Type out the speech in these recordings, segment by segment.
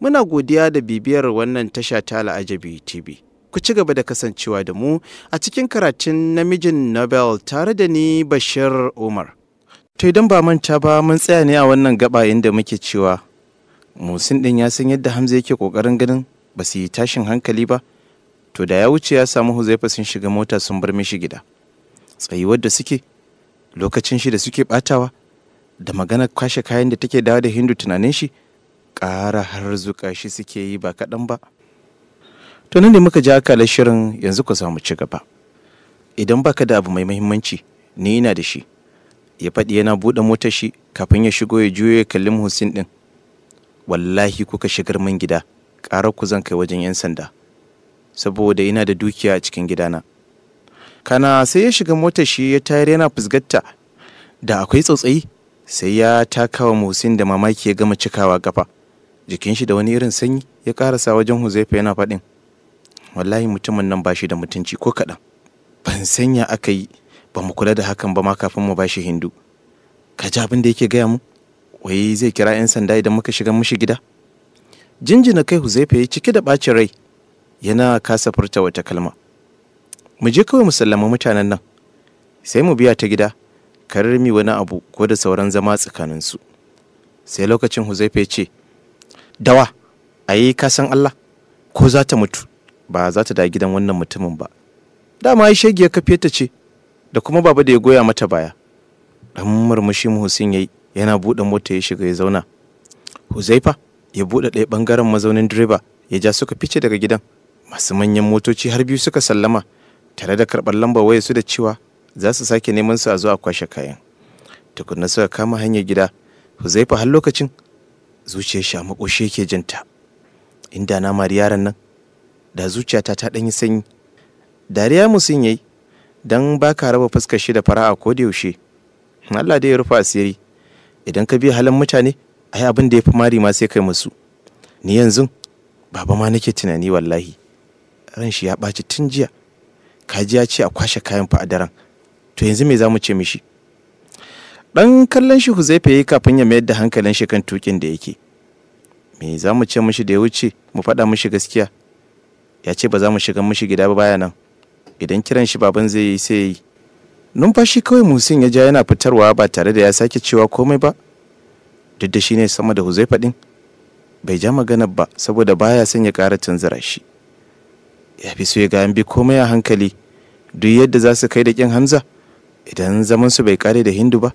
Muna godiya da bibiyar wannan tasha ta Al'ajabi TV. Ku ci gaba da kasancewa da mu a cikin karatun namijin Nobel tare da ni Bashir Umar. To idan ba manta ba mun tsaya ne a wannan gaba inda muke cewa Musin ɗin ya san yadda Hamza yake kokarin ganin ba su yi tashin hankali ba. To da ya wuce ya samu Huzaifa sun shiga mota sun bar mishi gida. Tsayuwar da suke lokacin shi da suke batawa da magana kwashe kayan da take dawo da Hindu tunanin shi ƙara zuka shi suke yi ba kaɗan ba to nan ne muka ji akalar shirin yanzu ku samu ci gaba idan baka da abu mai muhimmanci ni ina da shi ya faɗi yana buɗe motar shi kafin ya shigo ya juyo ya kalli Muhsin ɗin wallahi kuka shigar min gida ƙarar ku zan kai wajen 'yan sanda saboda ina da dukiya a cikin gidana kana sai ya shiga motar shi ya tayar yana fusgatta da akwai tsautsayi sai ya takawa muhsin da mamaki ya gama cikawa gaba jikin shi da wani irin sanyi ya karasa wajen huzaifa yana faɗin wallahi mutumin nan bashi da mutunci ko kaɗan ban sanya aka yi ba mu kula da hakan ba ma kafin mu ba shi hindu ka ji abin da yake gaya mu wai zai kira 'yan sanda idan muka shiga mushi gida jinjina kai huzaifa ya cike da ɓacin rai yana kasa furta wata kalma mu je kawai mu sallama mutanen nan sai mu biya ta gida karmi wani abu ko da sauran zama tsakaninsu sai lokacin huzaifa ya ce dawa ayi ka san Allah ko za ta mutu ba za ta da gidan wannan mutumin ba dama ya kafe ta ce da kuma baba da ya goya mata baya dan murmushi Hussein yayi yana buɗe mota ya shiga ya zauna Huzaifa ya buɗe ɗaya bangaren mazaunin direba ya ja suka fice daga gidan masu manyan motoci har biyu suka sallama tare da karɓar lamba waya su da cewa za su sake neman su a zuwa kwashe kayan tukunna suka kama hanyar gida Huzaifa har lokacin zuciyar shi a makoshi yake jinta inda na mari yaran nan da zuciyata ta ɗanyi sanyi dariya musin yayi don ba ka raba fuskar shi da fara'a ko da yaushe Allah dai ya rufa asiri idan ka biya halin mutane ai abin da ya fi mari ma sai kai musu ni yanzu baba ma nake tunani wallahi ran shi ya ɓaci tun jiya kaji ya ce a kwashe kayan fa to yanzu me za mu ce mishi dan kallon shi huzaifa yi kafin ya mayar da hankalin shi kan tukin da yake me za mu ce mushi da ya wuce mu faɗa mushi gaskiya ya ce ba za mu shiga mushi gida ba baya nan idan kiran shi baban zai yi sai yi numfashi kawai musin ya ja yana fitarwa ba tare da ya sake cewa komai ba duk da shi ne sama da huzaifa din bai ja magana ba saboda baya son ya ƙara tunzura shi ya fi so ya ga an bi komai a hankali duk yadda za su kai da kin hamza idan zaman su bai kare da hindu ba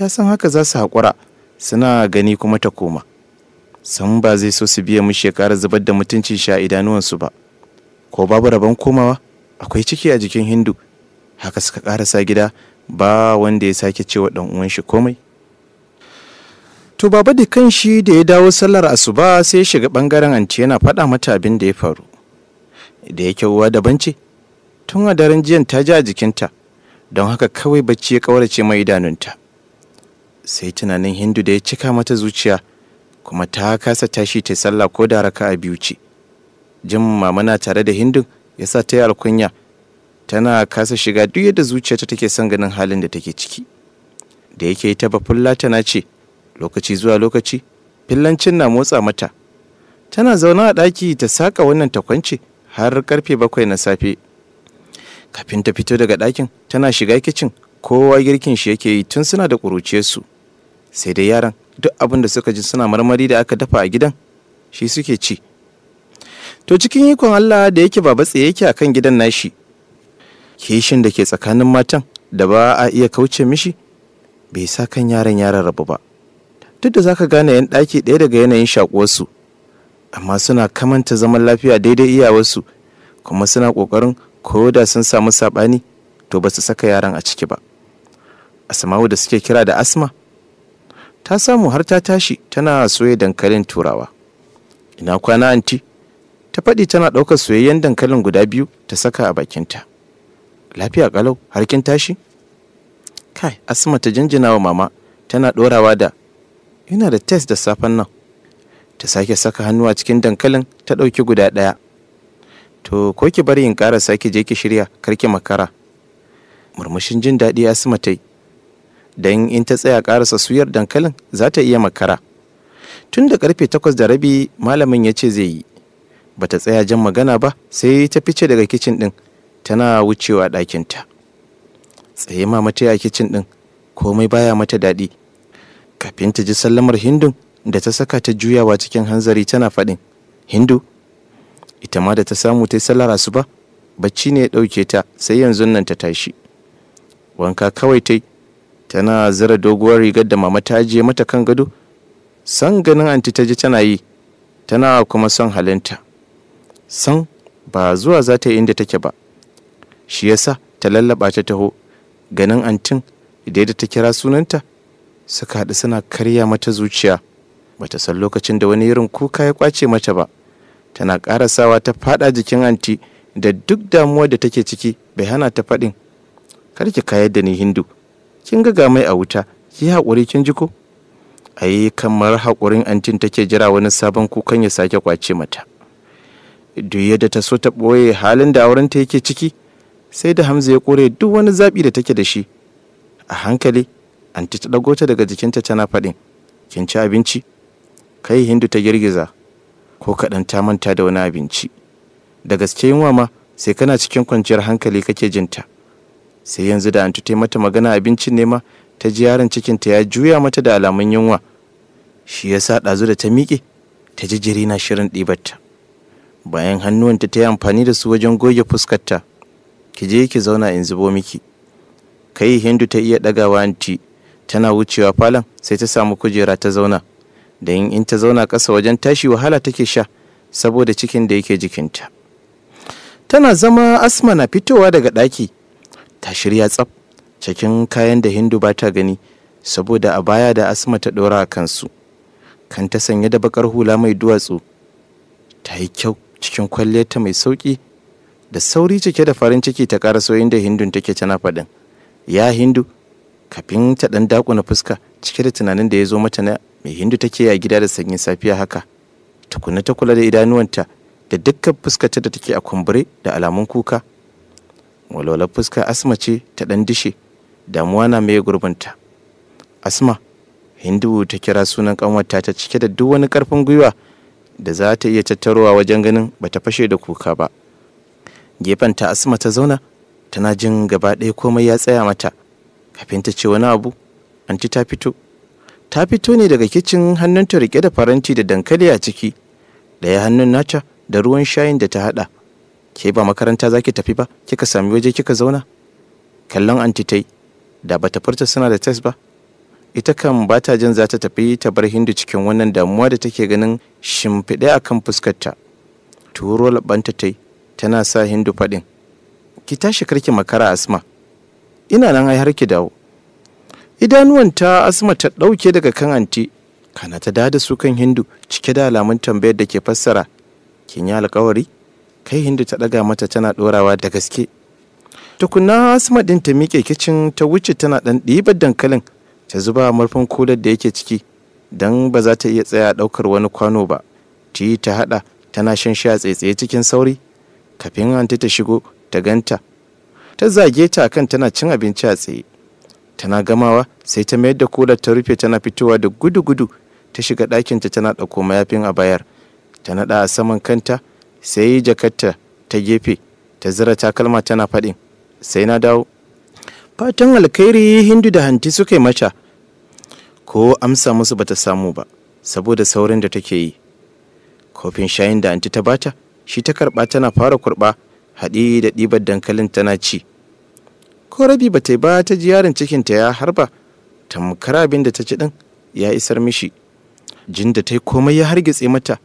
ya san haka za su haƙura suna gani kuma ta koma san ba zai so su biya mu shekarar zubar da mutunci sha idanuwansu ba ko babu rabon komawa akwai ciki a jikin hindu haka suka karasa gida ba wanda ya sake cewa ɗan uwan shi komai to baba da kanshi da ya dawo sallar asuba sai ya shiga bangaren anti yana faɗa mata abin da ya faru da yake uwa daban ce tun a daren jiyan ta ji a jikinta don haka kawai bacci ya ƙaurace mai idanunta sai tunanin hindu da ya cika mata zuciya kuma ta kasa tashi ta sallah ko da raka a biyu ce jin mamana tare da hindu ya sa ta yi alkunya tana kasa shiga duk yadda zuciyarta take son ganin halin da take ciki da yake ta bafulla tana ce lokaci zuwa lokaci fillancin na motsa mata tana zaune a ɗaki ta saƙa wannan ta kwance, har karfe bakwai na safe kafin ta fito daga ɗakin tana shiga kicin kowa girkin shi yake yi tun suna da ƙuruciyarsu sai dai yaran duk abin da suka ji suna marmari da aka dafa a gidan shi suke ci to cikin ikon Allah da yake baba tsaye yake akan gidan nashi kishin da ke tsakanin matan da ba a iya kauce mishi bai sa kan yaran yaran rabu ba duk da zaka gane yan daki ɗaya daga yanayin shakuwarsu amma suna kamanta zaman lafiya daidai iyawarsu kuma suna ƙoƙarin ko da sun samu saɓani to ba su saka yaran a ciki ba asma'u da suke kira da asma ta samu har ta tashi tana soya dankalin turawa ina kwana anti ta faɗi tana ɗaukar soyayyen dankalin guda biyu ta saka a bakinta lafiya ƙalau har kin tashi kai asma ta jinjina wa mama tana ɗorawa da ina da test da safen nan ta sake saka hannu a cikin dankalin ta ɗauki guda ɗaya to ko ki bari in ƙara sake je ki shirya karki makara murmushin jin daɗi asma ta yi don in ta tsaya karasa suyar dankalin za ta iya makara tun da karfe takwas da rabi malamin ya ce zai yi ba ta tsaya jan magana ba sai ta fice daga kicin ɗin, tana wucewa ɗakinta tsaye ma mata a kicin ɗin, komai baya mata daɗi kafin ta ji sallamar hindun da ta saka ta juyawa cikin hanzari tana faɗin hindu ita ma da ta samu ta yi su ba, bacci ne ya ɗauke ta sai yanzu nan ta tashi wanka kawai ta yi tana zira doguwar rigar da mama ta je mata kan gado san ganin anti ta ji tana yi tana kuma son halinta san ba zuwa za ta yi inda take ba shi yasa ta lallaba ta taho ganin antin da ta kira sunanta suka haɗu suna karya mata zuciya bata san lokacin da wani irin kuka ya kwace mata ba tana ƙarasawa ta faɗa jikin anti da duk damuwar da take ciki bai hana ta faɗin kar ki kayar da ni hindu kin ga mai a wuta ki haƙuri kin ji ko ai kamar haƙurin antin take jira wani sabon kukan ya sake kwace mata duk yadda ta so ta ɓoye halin da aurenta yake ciki sai da hamza ya kore duk wani zaɓi da take da shi a hankali anti ta ɗago ta daga jikinta tana faɗin kin ci abinci kai hindu ta girgiza ko kaɗan ta manta da wani abinci da gaske yunwa ma sai kana cikin kwanciyar hankali kake jinta. sai yanzu da antu ta mata magana abincin nema ta ji yaron cikinta ya juya mata da alamun yunwa shi ya sa ɗazu da ta miƙe ta ji jiri na shirin ɗibarta bayan hannuwanta ta yi amfani da su wajen goge fuskarta ki je ki zauna in zubo miki kai hindu ta iya ɗagawa anti tana wucewa falon sai ta samu kujera ta zauna da in ta zauna ƙasa wajen tashi wahala take sha saboda cikin da yake jikinta tana zama asma na fitowa daga ɗaki ta shirya tsaf cikin kayan da hindu ba ta gani saboda a baya da asma ta ɗora a kansu kan ta sanye da bakar hula mai duwatsu ta yi kyau cikin kwalliyarta mai sauki da sauri cike da farin ciki ta ƙara soyin da hindun take tana faɗin ya hindu kafin ta ɗan dakuna fuska cike da tunanin da ya zo mata na mai hindu take a gida da sanyin safiya haka tukuna ta kula da idanuwanta da dukkan fuskarta da take a kumbure da alamun kuka walwalar fuska asma ce ta ɗan dishe damuwa na mai gurbinta asma hindu ta kira sunan ƙanwata ta cike da duk wani karfin gwiwa da za ta iya tattarowa wajen ganin bata fashe da kuka ba gefen ta asma ta zauna tana jin gaba ɗaya komai ya tsaya mata kafin ta ce wani abu anti ta fito ta fito ne daga kicin hannunta rike da faranti da dankali a ciki ɗaya hannun nata da ruwan shayin da ta haɗa ke ba makaranta za ki tafi ba kika sami waje kika zauna kallon anti tai da bata furta suna da test ba ita kan ba ta jin za ta tafi ta bar hindu cikin wannan damuwa da take ganin shimfiɗe a kan fuskarta turo labanta tai tana sa hindu faɗin ki tashi karki makara asma ina nan ai har ki dawo ta asma ta ɗauke daga kan anti kana ta da su kan hindu cike da alamun tambayar da ke fassara kin yi alkawari kai hindu ta ɗaga mata tana ɗorawa da gaske tukuna asma ɗin ta miƙe kicin ta wuce tana ɗan ɗibar dankalin ta zuba murfin kular da yake ciki don ba za ta iya tsaya ɗaukar wani kwano ba ti ta haɗa tana shan sha tsaitsaye cikin sauri kafin hanta ta shigo ta ganta ta zage ta kan tana cin abinci a tsaye tana gamawa sai ta mayar da kular ta rufe tana fitowa da gudu-gudu ta shiga ɗakinta tana ɗauko mayafin a bayar ta naɗa a saman kanta sai jakarta ta gefe ta zira takalma tana faɗin sai na dawo fatan alkhairi hindu da hanti suka yi mata ko amsa musu bata samu ba saboda saurin da take yi kofin shayin da anti ta bata shi ta karɓa tana fara kurɓa haɗi da ɗibar dankalin tana ci ko rabi ba ta yi ba ta ji yaron ta ya harba tamkar abin da ta ci ɗin ya isar mishi jin da ta yi komai ya hargitse mata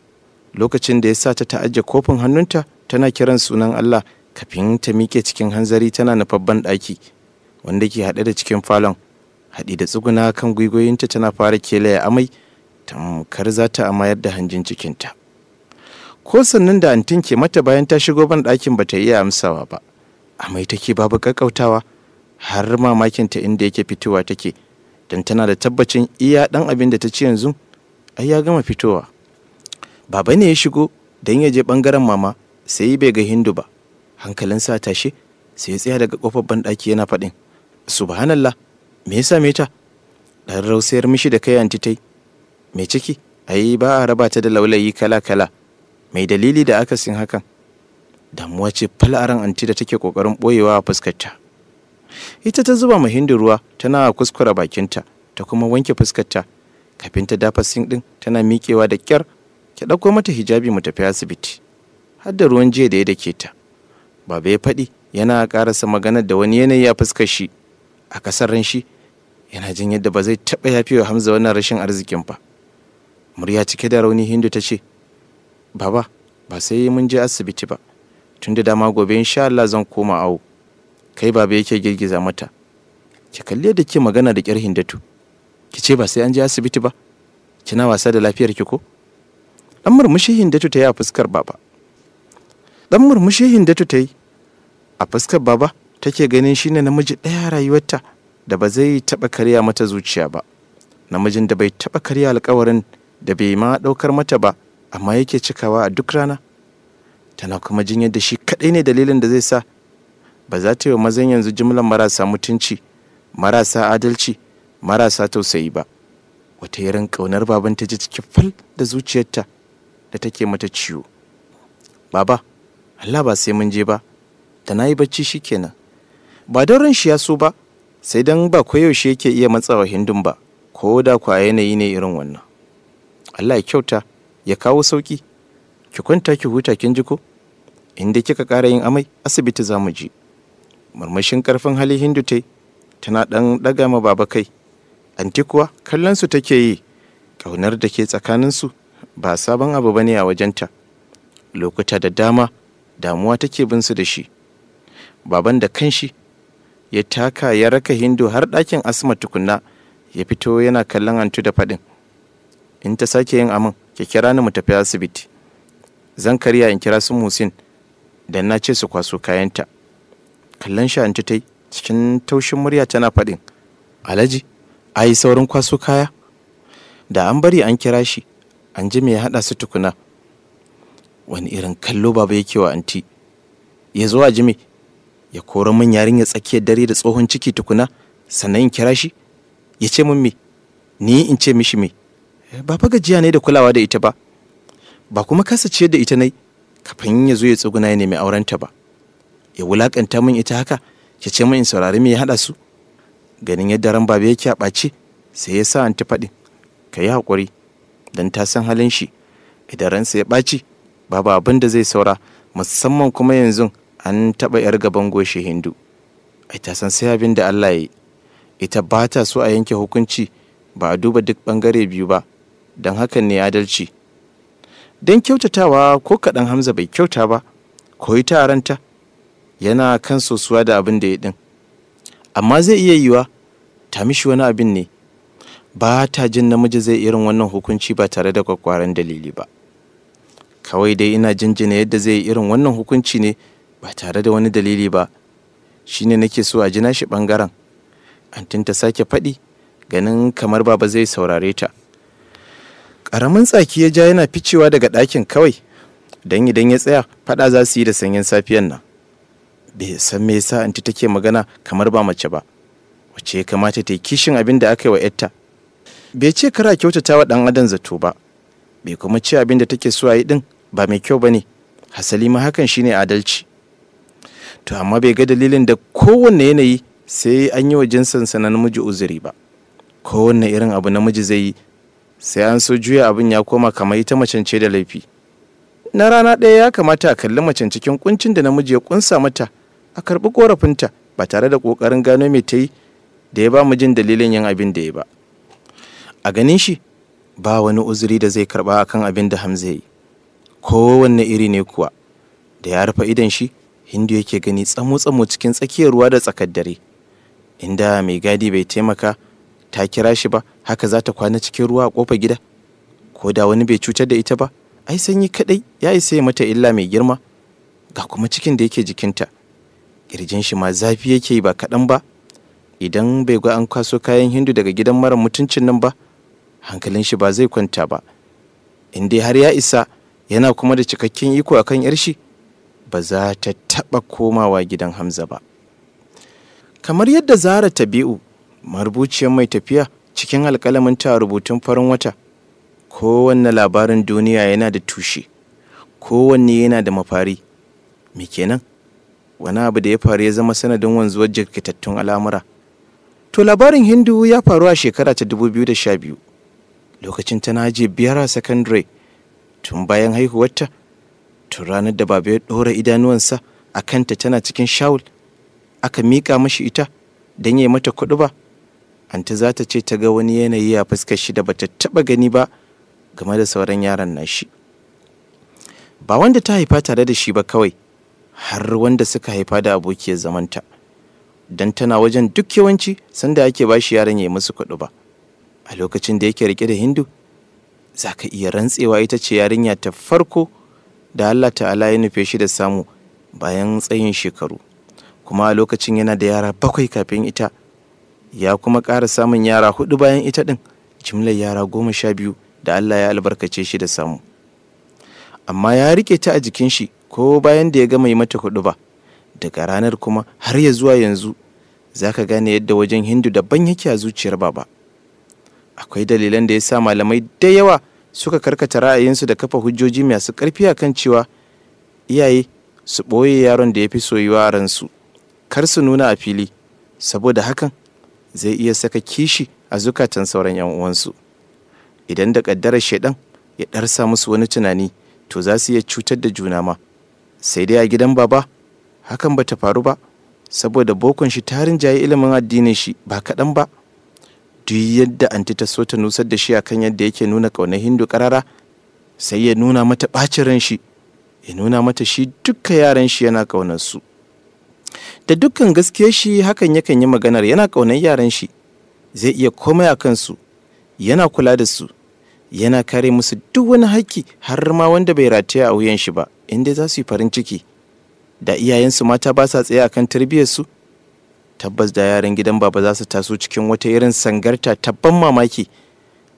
lokacin da ya sa ta ta'ajja kofin hannunta tana kiran sunan Allah kafin ta miƙe cikin hanzari tana babban ɗaki wanda ke haɗe da cikin falon haɗi da tsuguna kan gwiwoyinta tana fara kelaya amai tamkar za ta amayar da hanjin cikinta ko sannan da antin ke mata bayan ta shigo ban ɗakin ba ta iya amsawa ba amai take babu ƙaƙƙautawa har mamakin ta inda yake fitowa take don tana da tabbacin iya ɗan abin da ta ci yanzu ai ya gama fitowa baba ne ya shigo don ya je ɓangaren mama sai yi bai ga hindu ba hankalin sa tashe sai ya tsaya daga kofar banɗaki yana faɗin subhanallah me yasa me ta ɗan rausayar mishi da kai anti tai Me ciki ai ba a raba ta da laulayi kala kala mai dalili da akasin hakan damuwa ce fal'aran anti da take kokarin ɓoyewa a fuskarta ita ta zuba ma hindu ruwa tana kuskura bakinta ta kuma wanke fuskarta kafin ta dafa sin ɗin tana miƙewa da kyar ki ɗauko mata hijabi mu tafi asibiti har da ruwan jiya da ya dake ta baba ya faɗi yana ƙarasa maganar da wani yanayi ya fuskar shi a kasar ran shi yana jin yadda ba zai taɓa yafi wa hamza wannan rashin arzikin ba murya cike da rauni hindu ta ce baba ba sai mun je asibiti ba tun da dama gobe insha Allah zan koma awo kai baba yake girgiza mata ki kalli yadda ke magana da kyar hindatu ki ce ba sai an je asibiti ba kina wasa da lafiyar ki ko dan murmushi hindatu ta a fuskar baba dan murmushi hindatu ta yi a fuskar baba take ganin shine namiji ɗaya rayuwarta da ba zai taba karya mata zuciya ba namijin da bai taba karya alkawarin da bai ma ɗaukar mata ba amma yake cikawa a duk rana tana kuma jin yadda shi kaɗai ne dalilin da zai sa ba za ta yi wa mazan yanzu jimlar marasa mutunci marasa adalci marasa tausayi ba wata irin ƙaunar babanta ji cikin fal da zuciyarta da take mata ciwo baba Allah ba sai mun je ba da na yi bacci shi kenan. ba don ran shi ya so ba sai don ba shi yake iya matsawa hindun ba ko da kwa yanayi ne irin wannan Allah ya kyauta ya kawo sauƙi. ki kwanta ki huta kin ji ko inda kika ƙara yin amai asibiti za mu je murmushin ƙarfin hali hindu tai tana ɗan ɗaga ma baba kai anti kuwa kallon su take yi ƙaunar da ke su. ba sabon abu bane a wajenta lokuta da dama damuwa take bin su da shi baban da kanshi ya taka ya raka hindu har ɗakin asma tukunna ya fito yana kallon antu da faɗin in ta sake yin amin ki kira ni mu tafi asibiti zan karya in kira su musin da na ce su kwaso kayanta kallon shi antu ta cikin taushin murya tana faɗin alhaji a yi saurin kwaso kaya da an bari an kira shi an ji me ya haɗa su tukuna wani irin kallo baba yake wa anti ya zo a ji me ya kora min yarinya tsakiyar dare da tsohon ciki tukuna sannan in kira shi ya ce min me ni in ce mishi me eh, ba fa gajiya ne da kulawa da ita ba ba kuma kasa ciyar da ita nai kafin ya zo ya tsuguna ya nemi aurenta ba ya wulakanta min ita haka ya ce min in saurari me ya haɗa su ganin yadda ran baba yake a ɓace sai ya sa an ta faɗi ka yi haƙuri don ta san halin shi idan ransa ya ɓaci babu abin da zai saura musamman kuma yanzu an taɓa 'yar gaban goshi hindu ai ta san sai abin da allah ya yi ita ba ta so a yanke hukunci ba a duba duk ɓangare biyu ba don hakan ne adalci don kyautatawa ko kaɗan hamza bai kyauta ba koyi taranta yana kan sosuwa da abin da ya ɗin amma zai iya yiwa ta mishi wani abin ne ba ta jin namiji zai irin wannan hukunci ba tare da kwakwaran dalili ba kawai dai ina jinjina yadda zai irin wannan hukunci ne ba tare da wani dalili ba shine nake so a jina shi bangaren antin ta sake faɗi ganin kamar baba zai saurare ta ƙaramin tsaki ya ja yana ficewa daga ɗakin kawai don idan ya tsaya faɗa za su yi da sanyin safiyan nan bai san me yasa anti take magana kamar ba mace ba Wace ya kamata ta yi kishin abin da aka yi wa 'yarta bai ce kara kyautata wa ɗan adam zato ba bai kuma ce abin da take so a yi din ba mai kyau ba ne hasali ma hakan shine adalci to amma bai ga dalilin da kowanne yanayi sai an yi wa jinsansa na namiji uzuri ba kowanne irin abu namiji zai yi sai an so juya abin ya koma kamar ita macen ce da laifi na rana ɗaya ya kamata a kalli macen cikin kuncin da namiji ya kunsa mata a karɓi korafinta ba tare da ƙoƙarin gano mai ta yi da ya ba mu jin dalilin yin abin da ya ba a ganin shi ba wani uzuri da zai karba akan abin da hamza yi kowanne iri ne kuwa da ya rufe idan shi hindu yake gani tsamo-tsamo cikin tsakiyar ruwa da tsakar dare inda mai gadi bai taimaka ta kira shi ba haka za ta kwana cikin ruwa a kofar gida ko da wani bai cutar da ita ba ai sanyi kadai ya isa ya mata illa mai girma ga kuma cikin da yake jikinta kirjin shi ma zafi yake yi ba kaɗan ba idan bai ga an kwaso kayan hindu daga gidan mara mutuncin nan ba hankalin shi ba zai kwanta ba in dai har ya isa yana kuma da cikakken iko akan yar shi ba za ta taɓa komawa gidan hamza ba kamar yadda zara biu, marubuciyar mai tafiya cikin alƙalamin ta rubutun farin wata kowanne labarin duniya yana da tushe kowanne yana da mafari me kenan wani abu da ya faru ya zama sanadin wanzuwar jirkitattun al'amura to labarin hindu ya faru a shekara ta dubu biyu da sha biyu. lokacin tana je biyar a sakandare tun bayan haihuwarta tun ranar da baba ya ɗora idanuwansa a kanta tana cikin shawul aka miƙa mashi ita don ya mata kuɗi ba anta za ta ce ta ga wani yanayi a fuskar shi da bata taɓa gani ba game da sauran yaran shi ba wanda ta haifa tare da shi ba kawai har wanda suka haifa da abokiyar zamanta don tana wajen duk yawanci sanda ake ba shi yaran ya yi musu kuɗi ba a lokacin da yake rike da hindu za ka iya rantsewa ita ce yarinya ta farko da allah ta'ala ya nufe shi da samu bayan tsayin shekaru kuma a lokacin yana da yara bakwai kafin ita ya kuma ƙara samun yara hudu bayan ita ɗin jimlar yara goma sha biyu da allah ya albarkace shi da samu amma ya rike ta a jikin shi ko bayan da ya gama yi mata hudu ba daga ranar kuma har ya zuwa yanzu za ka gane yadda wajen hindu daban yake a zuciyar baba akwai dalilan da ya sa malamai da yawa suka karkata ra'ayinsu da kafa hujjoji masu karfi a kan cewa iyaye su ɓoye yaron da ya fi soyuwa a ransu kar su nuna a fili saboda hakan zai iya saka kishi a zukatan sauran 'yan uwansu idan da ƙaddarar shaidan ya ɗarsa musu wani tunani to za su iya cutar da juna ma sai dai a gidan baba hakan ba ta faru ba saboda bokon shi tarin jayi ilimin addinin shi ba kaɗan ba duk yadda anti ta so ta nusar da shi a kan yadda yake nuna ƙaunar hindu ƙarara sai ya nuna mata ɓacin ran shi ya nuna mata shi dukka yaran shi yana ƙaunar su da dukkan gaskiya shi hakan yakan yi maganar yana ƙaunar yaran shi zai iya komai a kansu yana kula da su yana kare musu duk wani haƙƙi har ma wanda bai rataya a wuyan shi ba inda za su yi farin ciki da iyayensu mata ba sa tsaye akan su. tabbas da yaran gidan baba za su taso cikin wata irin sangarta tabban mamaki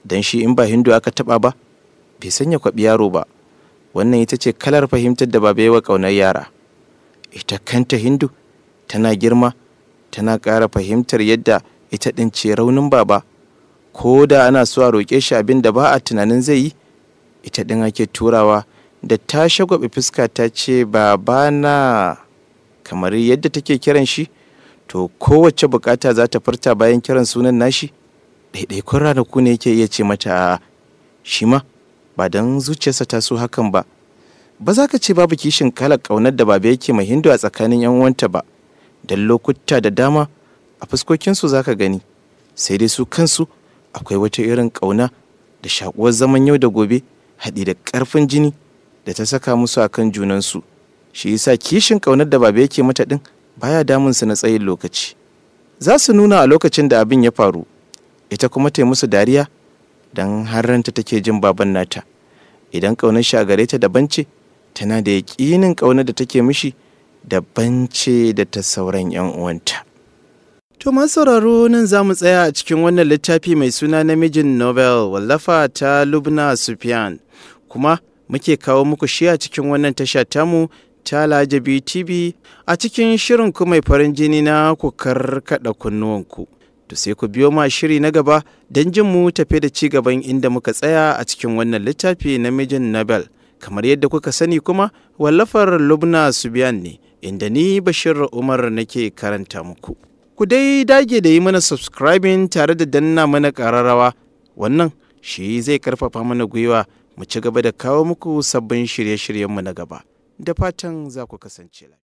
don shi in ba hindu aka taba ba bai sanya kwaɓi yaro ba wannan ita ce kalar fahimtar da baba wa ƙaunar yara ita kanta hindu tana girma tana ƙara fahimtar yadda ita ɗin ce raunin baba ko da ana so a roƙe shi abin da ba a tunanin zai yi ita ɗin ake turawa da ta shagwabe fuska ta ce baba na kamar yadda take kiran shi to kowace bukata za ta furta bayan kiran sunan nashi ɗaiɗaikun ranaku ne yake iya ce mata shi ma ba don zuciyarsa ta so hakan ba ba za ka ce babu kishin kalar ƙaunar da baba yake mai hindu a tsakanin yan uwanta ba don lokuta da dama a fuskokinsu za ka gani sai dai su kansu akwai wata irin ƙauna da shaƙuwar zaman yau da gobe haɗi da ƙarfin jini da ta saka musu a kan junansu shi yasa kishin ƙaunar da baba yake mata ɗin baya damunsu na tsayin lokaci za su nuna a lokacin da abin ya faru ita kuma ta musu dariya don harranta take jin baban nata idan ƙaunar shi a gare ta daban ce tana da yaƙinin ƙaunar da take mishi daban ce da ta sauran 'yan uwanta To masu sauraro nan za mu tsaya a cikin wannan littafi mai suna namijin Nobel wallafa ta Lubna Sufyan. Kuma muke kawo muku shi a cikin wannan tasha tamu Chala Jabi TV a cikin shirin ku mai farin jini na ku karkada kunnuwanku. To sai ku biyo ma shiri na gaba don jin mu tafe da ci gaban inda muka tsaya a cikin wannan littafi na mijin Nobel. Kamar yadda kuka sani kuma wallafar Lubna Subiyan ne inda ni Bashir Umar nake karanta muku. Ku dai dage da yi mana subscribing tare da danna mana ƙararrawa. Wannan shi zai karfafa mana gwiwa mu ci gaba da kawo muku sabbin shirye-shiryenmu na gaba. da fatan za ku kasance lafiya